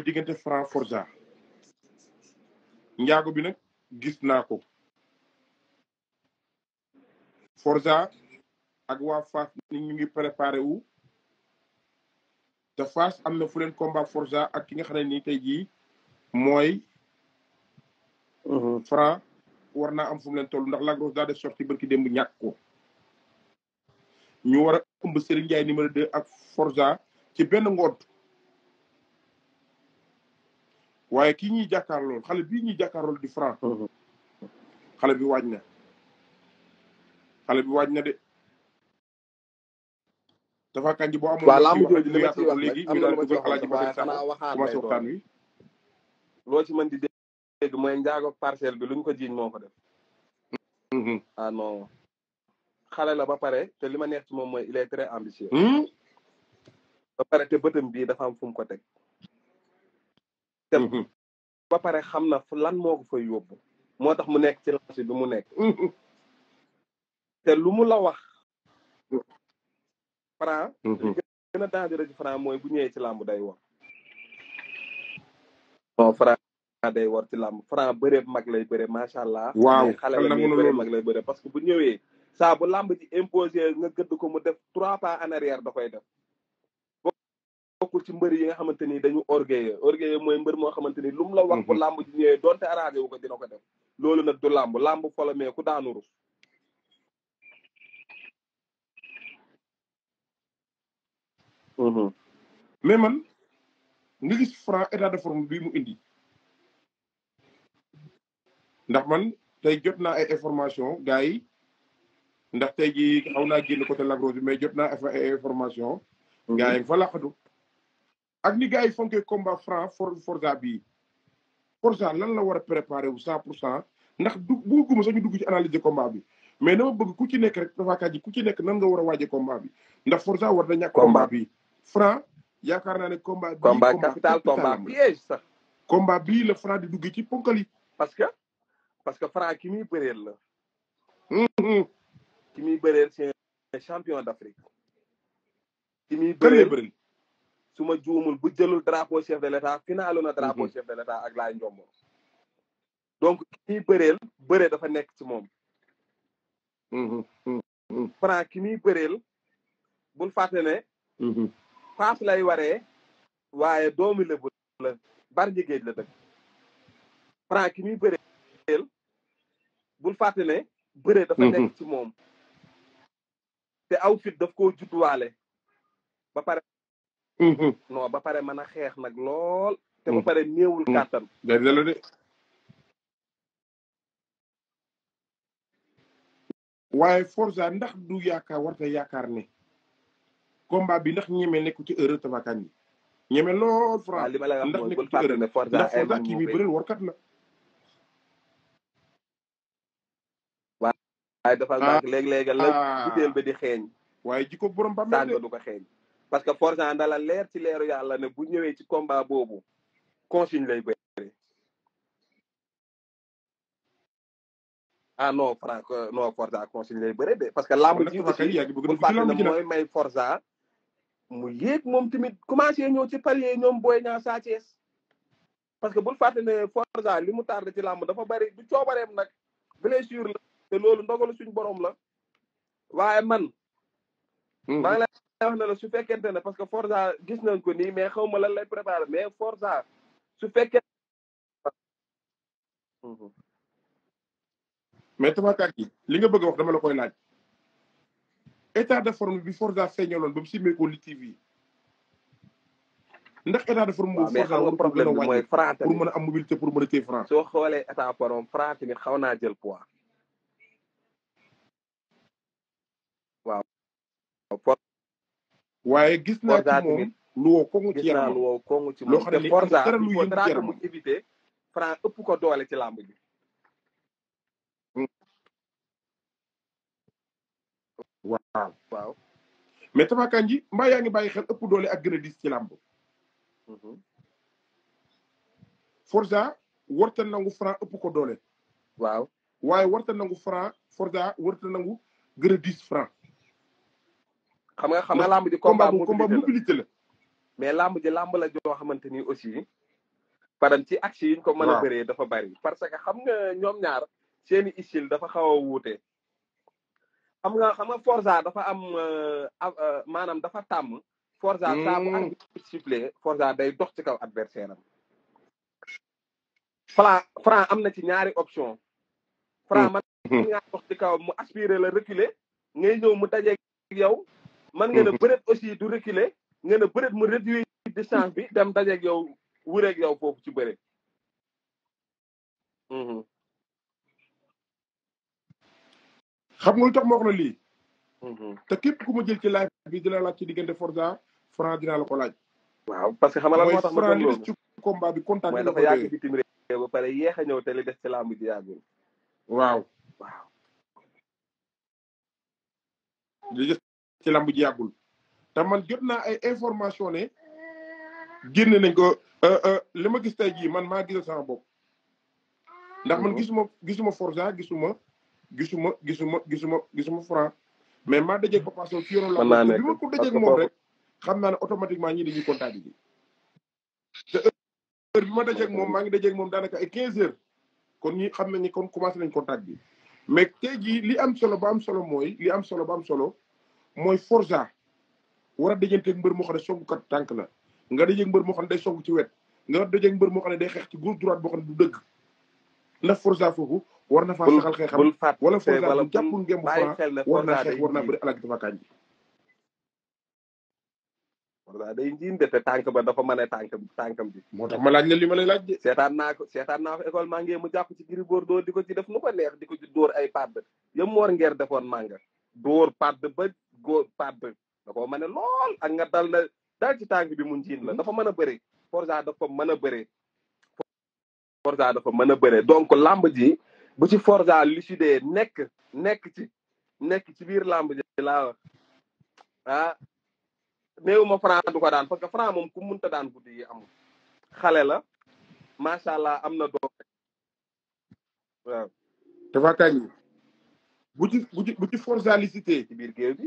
mooy diggante Franc Forza njaago bi nag gis naa ko Forza ak waa Fass ni ñu ngi préparé wu te Fass am na fu leen combat forja ak ki nga xam nii tey jii mooy mhm. Franc war naa am fu leen toll ndax lagros daa def sorti barki démb ñàkk ko ñu war a ëmb Serigne Ndiaye numéro 2 ak forja ci benn ngoot waaye ki ñuy jàkkaar lool xale bii ñuy jàkkaar lool di franc mhm. xale bi waaj xale bi waaj de dafa kanji boo amoon waaw lamb jooju li ma ci wax léegi ñu xalaaji ba def sax ma waxtaan wi lo ci man di deg moy njaago parcel bi luñ ko jiiñ moko def mhm. ah non xale la ba pare te lima neex ci mom moy il est très ambitieux hmm? ba pare te bëtam bi dafa am fu mu ko tek dem ba pare xamna fu lan moko ko fa yóbbu moo mu nek ci lancé bi mu nek té lu mu la wax franc li gën a dangereux ci franc mooy bu ñëw ci lamb day wax non franc day war ci lamb franc bëre mag lay bëre sha allah waaw xale la bëre mag lay bëre parce que bu ñëwé sa bu lamb ci imposer nga gëdd ko mu def 3 pas en arrière da koy def bokul ci mbeur yi nga xamanteni dañu orgueilleux orgueilleux moy mbeur mo xamanteni lum la wax ko mhm. lamb ji ñewé donte arrangé wu ko dina ko def lolu nak du lamb làmb fola mee ku daanu rus mhm. mais man nga gis franc état de forme bi mu indi ndax man tay jot ay information gaay ndax tay ji xawna genn côté côté lagrose mais jot ay information mhm. gaay fa ak ni gars yi fonkee combat franc for Forza bii Forza lan la war a préparé wu 100 pour cent ndax du bugguma sax ñu dug ci analyse komba bi mais dama bëgg ku ci nekk rek dafaakat ji ku ci nekk nan nga war a waaje combat bi ndax Forza war na ñàkk combat bi franc yaakaar naa ne combat bi combat capital combat piège sax combat bii la franc di dugg ci ponkali parce que parce que franc ki muy bëreel la ki muy bëreel c'est champion d'Afrique ki muy bëreel suma ma juumul bu jëlul drapeau chef de l' état finaalu na drapeau mhm. chef de l' ak laay njombo donc ki bëreel bëree dafa nekk ci moom mhm. Mhm. Franc ki muy bëreel bul fàtte ne lay waree waaye doomu Lebu la ki muy bëreel bul bëree dafa nekk ci moom te aw fit daf koo judduwaale ba pare Mm-hmm. non ba pare mën a xeex nag lool. te ba mm-hmm. pare néewul mm-hmm. kàttan. day delloo de. ndax du yaakaar warta yaakaar ne combat bi ndax ñeme nekku ci heure Tapha Kane yi ñeme lool Fra ndax nekku ci heure ndax Forza kii bi bëreel warkat la. waaye dafa ah. léeg-léeg la ah. butéel bi di xeeñ. waaye jikko borom ba mel ne du ko parce que Forza dala leer ci leeru yàlla ne bu ñëwee ci combat boobu consigne lay bëri ah non Franc non Forza consigne lay bëri de parce que lamb ji aussi bu fàtte na mooy may Forza mu yéeg moom tamit commencé ñëw ci palier ñoom Boy Niang Sa parce que bul fàtte ne Forza li mu tardé ci làmb dafa bari du coobareem nag blessure la te loolu ndogalu suñ borom la waaye man. Hmm. wax na la su fekkente ne parce que Forza gis nañ ko nii mais xaw ma lan lay préparé mais Forza su fekkee. Mhm. mais Tapha gi li nga bëgg a wax dama la koy laaj état de forme bi Forza feeñaloon ba mu simmee ko li TV ndax état de forme boobu Forza problème bi mooy pour mën a am mobilité pour mën a téye Franc. soo xoolee état de forme Franc xaw naa jël poids. waaw. waaye gis naa ci moom lu woo kongu ci yaram lu woo kongu ci moom loo xam ne ëpp ko doole ci làmb bi mm. waaw waaw mais Tapha Kandji mbaa yaa ngi bàyyi xel ëpp doole ak gën a diis ci làmb mm-hmm. Forza warta nangu Franc ëpp ko doole waaw waaye warta nangu Franc Forza warta nangu gën Franc xam nga xam nga lamb di combat combat mobilité la mais lamb di lamb la joo xamanteni aussi param ci axe yiñ ko mëna béré dafa bari parce que xam nga ñom ñaar seen isil dafa xawa wuté xam nga xam nga forza dafa am euh, euh, manam dafa tam forza tam ak supplé forza day dox ci kaw adversaire fra fra amna ci ñaari option fra hmm. man hmm. nga dox ci kaw mu aspirer la reculer ngay ñew mu dajeeg yow man nga ne mhm. bëreet aussi du reculer nga ne bëreet mu réduire distance bi dem dajeeg yow wureeg yow foofu ci bëreet. Mhm. xam nga lu tax ma wax na lii. Mhm. te képp ku ma jël ci laaj bi dina laaj ci diggante Forza Franc dina la ko laaj. waaw parce que xam nga lan moo tax ma gëm loolu mooy Franc li des ci combat ba pare yéex ñëw te li des ci làmb ji yàggul. waaw. waaw. ci lamb ji yàggul te man jot naa ay information ne génn nañ ko euh, euh, li ma gis tey jii man maa gisal sama bopp ndax man mhm. gisuma gisuma Forza gisuma gisuma gisuma gisuma gisuma Franc mais maa dajeeg Papa Sow ci yoonu la bi ma ko dajeeg moom rek xam naa ne automatiquement ñi dañuy contact bi te heure bi ma dajeeg moom maa ngi da dajeeg moom daanaka ay quinze heures kon ñi xam nañ ni kon commencé nañ contact bi mais te jii li am solo ba am solo mooy li am solo ba am solo mooy forja war a dajanteeg mbër moo xam ne songukat la nga dajeeg mbër moo xam ne day song ci wet nga dajeeg mbër moo xam ci gauche droite boo dëgg na Forza foofu war na faa saxal xeexam wala Forza bu jàppul ngeen bu naa xeex war naa bëri alaaki dafa kànji Forza day njiin de te tànk ba dafa mën a tànk tànkam bi moo tax ma laaj la li ma lay laaj de seetaan naa ko seetaan naa ko école mangé mu jàpp ci giri bóor dóor di ko ci def nu ko neex di ko ci dóor ay padd yëpp moor ngeer defoon manga dóor padd ba góor pape da koo mën a lool ak nga dal na dal ci tànk bi mu njiin la mm-hmm. dafa mën a bëre Forza dafa mën a bëre Forza dafa mën a bëre donc làmb ji bu ci Forza lucidé nekk nekk ci nekk ci biir làmb ji laa wax ah néew ma Franc ko daan parce que Franc moom ku munta daan guddi yi amul xale la macha allah am na doole waaw dafa kañ bu ci bu ci bu ci biir géew bi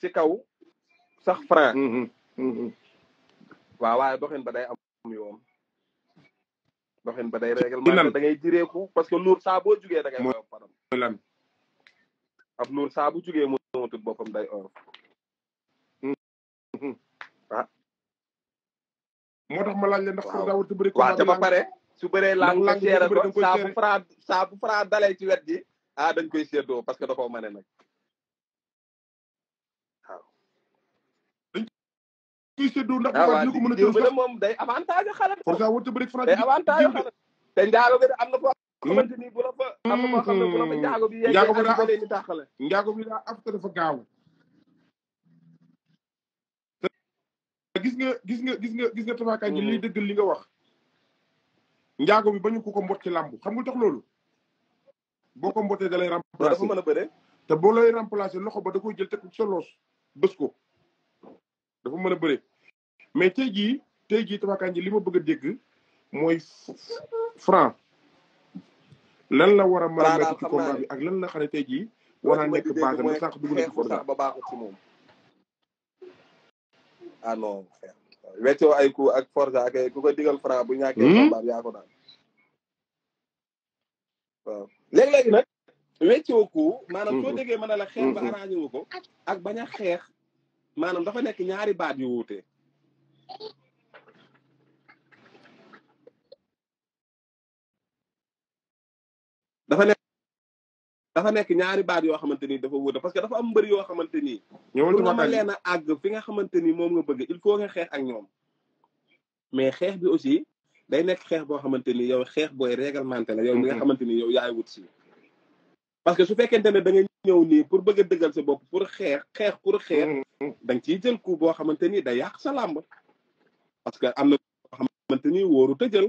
ci kaw sax franc mm-hmm. mm-hmm. waaw waaye doxin ba day am yoom doxin ba day réglement da ngay jireeku parce que luur saa boo jugee da ngay oyof param ab luur saa day oyof mm-hmm. ah moo tax ma la ndax pour daawul te bëri pare su bëree lang la seere ko saa bu fra saa bu fra ci wet gi ah dañ koy séddoo parce que da koo mane kuy séddoo ndax ñu mën a jël sax moom day avantage xale forsa warta bëri France day avantage ni bu la fa am na foo xam ne bu la fa hmm. njaago afta dafa gaaw gis nga gis nga gis nga gis nga tafaakaan ji liy hmm. dëggal li nga wax njago bi bañu ko ko mbot ci làmb xam nga tax loolu boo ko mbotee da lay remplacer a bëre te boo lay remplacer loxo ba da koy jël teg ko sa loos bës a bëre mais tey jii tey jii tabakaan ji li ma bëgg a dégg mooy franc lan la war a mën a nekk bi ak lan la xam ne tey jii war naa nekk base am sànq dugg na ci combat ba baaxul ci moom ah non weccoo ay ku ak forza ak ku ko digal franc bu ñàkkee hmm? yaa ko daal waaw léegi nag weccoo ku maanaam soo hmm. déggee mën a la xeex ba hmm, arrangé wu ko ak bañ a xeex maanaam dafa nekk ñaari baat yu wuute dafa nekk dafa nekk ñaari baat yoo xamante ni dafa wóor parce que dafa am mbër yoo xamante ni. ñëwul ma leen a àgg fi nga xamante ni moom nga bëgg il faut nga xeex ak ñoom. mais xeex bi aussi day nekk xeex boo xamante ni yow xeex booy réglementé la. yow bi nga mm-hmm. xamante ni yow yaay wut si. parce que su fekkente ne da nga ñëw nii pour bëgg dëggal sa bopp pour xeex xeex pour xeex. Mm-hmm. da nga ciy jël boo xamante ni day yàq sa làmb. parce que am na loo xamante ni wóoru jël.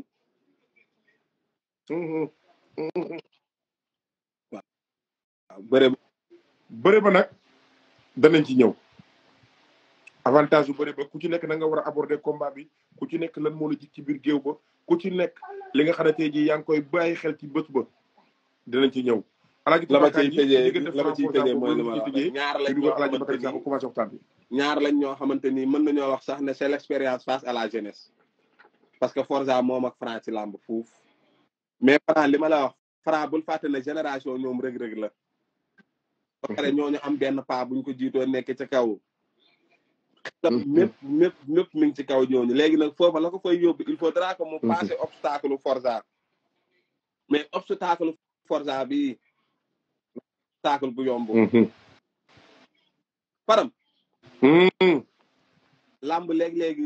Mm-hmm. Mm-hmm. waaw bëre ba. bëre ba nag danañ ci ñëw avantage bu bëre ba ku ci nekk na nga war a aborder combat bi ku ci nekk lan moo la jik ci biir géew ba ku ci nekk li nga xam ne tey jii yaa ngi koy bàyyi xel ci bët ba danañ ci ñëw. alaaji la ma ciy tëjee la ma ciy tëjee mooy la wax ñaar lañ ñoo xamante ni commencé na bi ñoo xamante ni mën nañoo wax sax ne c'est l'expérience face à la jeunesse parce que Forza moom ak Franc ci làmb fuuf mais Franc li ma la wax Franc bul fàtte ne génération ñoom rëg-rëg la ba pare mhm. ñooñu am benn paa buñ ko jiitoo nekke ci kaw xelam mépp mépp mépp ngi ci kaw ñooñu léegi nag foofa la ko fay yóbbu il faudra que mu mhm. passé obstacle Forza mais obstacle Forza bi obstacle bu yomb. Mhm. param. Mhm. làmb léeg-léegi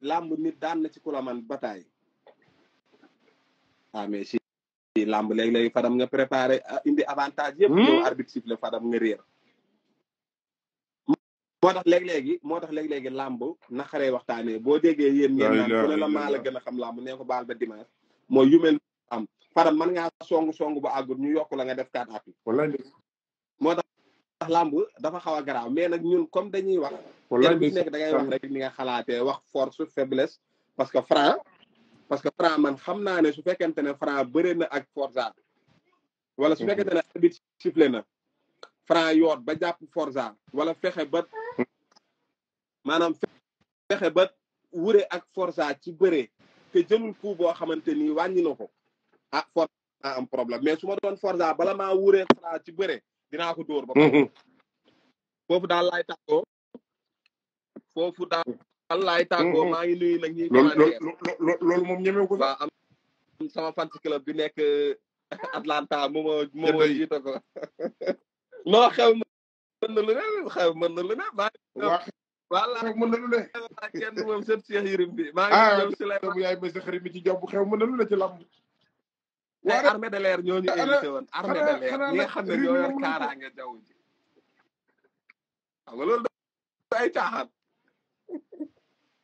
làmb nit daan na ci ku la man bataay. ah si làmb léeg-léegi fadam nga préparé ah, indi avantage yëpp. Hmm? yow arbitre siffle fadam tax léeg-léegi moo tax léeg-léegi làmb naxaree waxtaanee boo déggee yéen ngeen a ku la gën a xam làmb nee ko baal ba dimanche mooy yu mel am fadam mën ngaa song song ba àggul ñu yokk la nga def kaat at làmb dafa xaw a garaaw mais nag ñun comme dañuy wax kenn ku nekk da ngay wax rek ni nga xalaatee wax force faiblesse parce que franc parce que franc man xam naa ne su fekkente ne franc bëre na ak forza wala su mhm. fekkente ne arbitre sifflé na franc yoot ba jàpp forza wala fexe ba maanaam fexe ba wure ak forza ci bëree te jëlul coup boo xamante ni wàññi na ko ah forza am problème mais su ma doon forza bala maa wuree franc ci bëree dinaa ko dóor ba mhm. daal laay tàggoo foofu daal laay tàggoo mhm. maa ngi nuyu nag moom ñemew ko waaw am sama fan club bi nekk Atlanta mooma mooma jiite ko non xew mën na lu ne xew mën na lu ne maa wala mën na lu ne kenn moom sët Cheikh Yérim bi maa ngi ah, ñëw si lay yaay ba xarit bi ci job xew mën na lu ne ci làmb tey armée de l'air ñoo ñu invité woon armée de nga xam ne ñoo yor kaaraange jaww ji xam nga loolu da ay caaxaan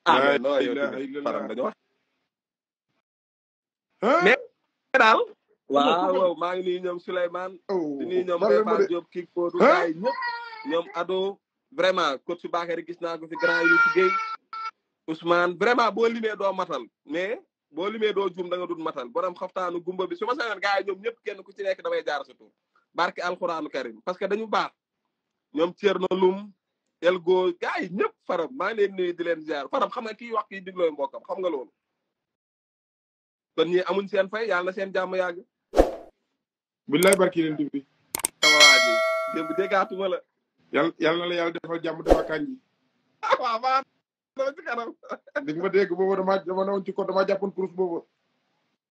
ah mais daal waaw waaw maa ngi nuyu ñoom Souleymane oh, di nuyu ñoom Béba Diop kii Kodou ay ñoom Ado vraiment coach Bakary gis naa ko fi grand yu ci vraiment boo limee doo matal mais boo limee doo juum da nga dul matal borom xaftaanu gumba bi su ma sañoon gars yi kenn ku ci nekk damay jaar sa tur barke alxuraanu karim parce que dañu baax ñoom Thierno Loum Elgo gars yi ñëpp faram maa ngi leen nuyu di leen ziar faram xam nga kii wax kii diglooy mbokkam xam nga loolu kon ñi amuñ seen fay yàlla na seen jàmm yàgg billaay barki leen di bi tawaa ji démb déggaatuma la yàlla yàlla na la yàlla defal jàmm dafa kànji waaw dara ci kanam. di nga ma dégg boobu dama dama newoon ci kaw dama jàppoon kurus boobu.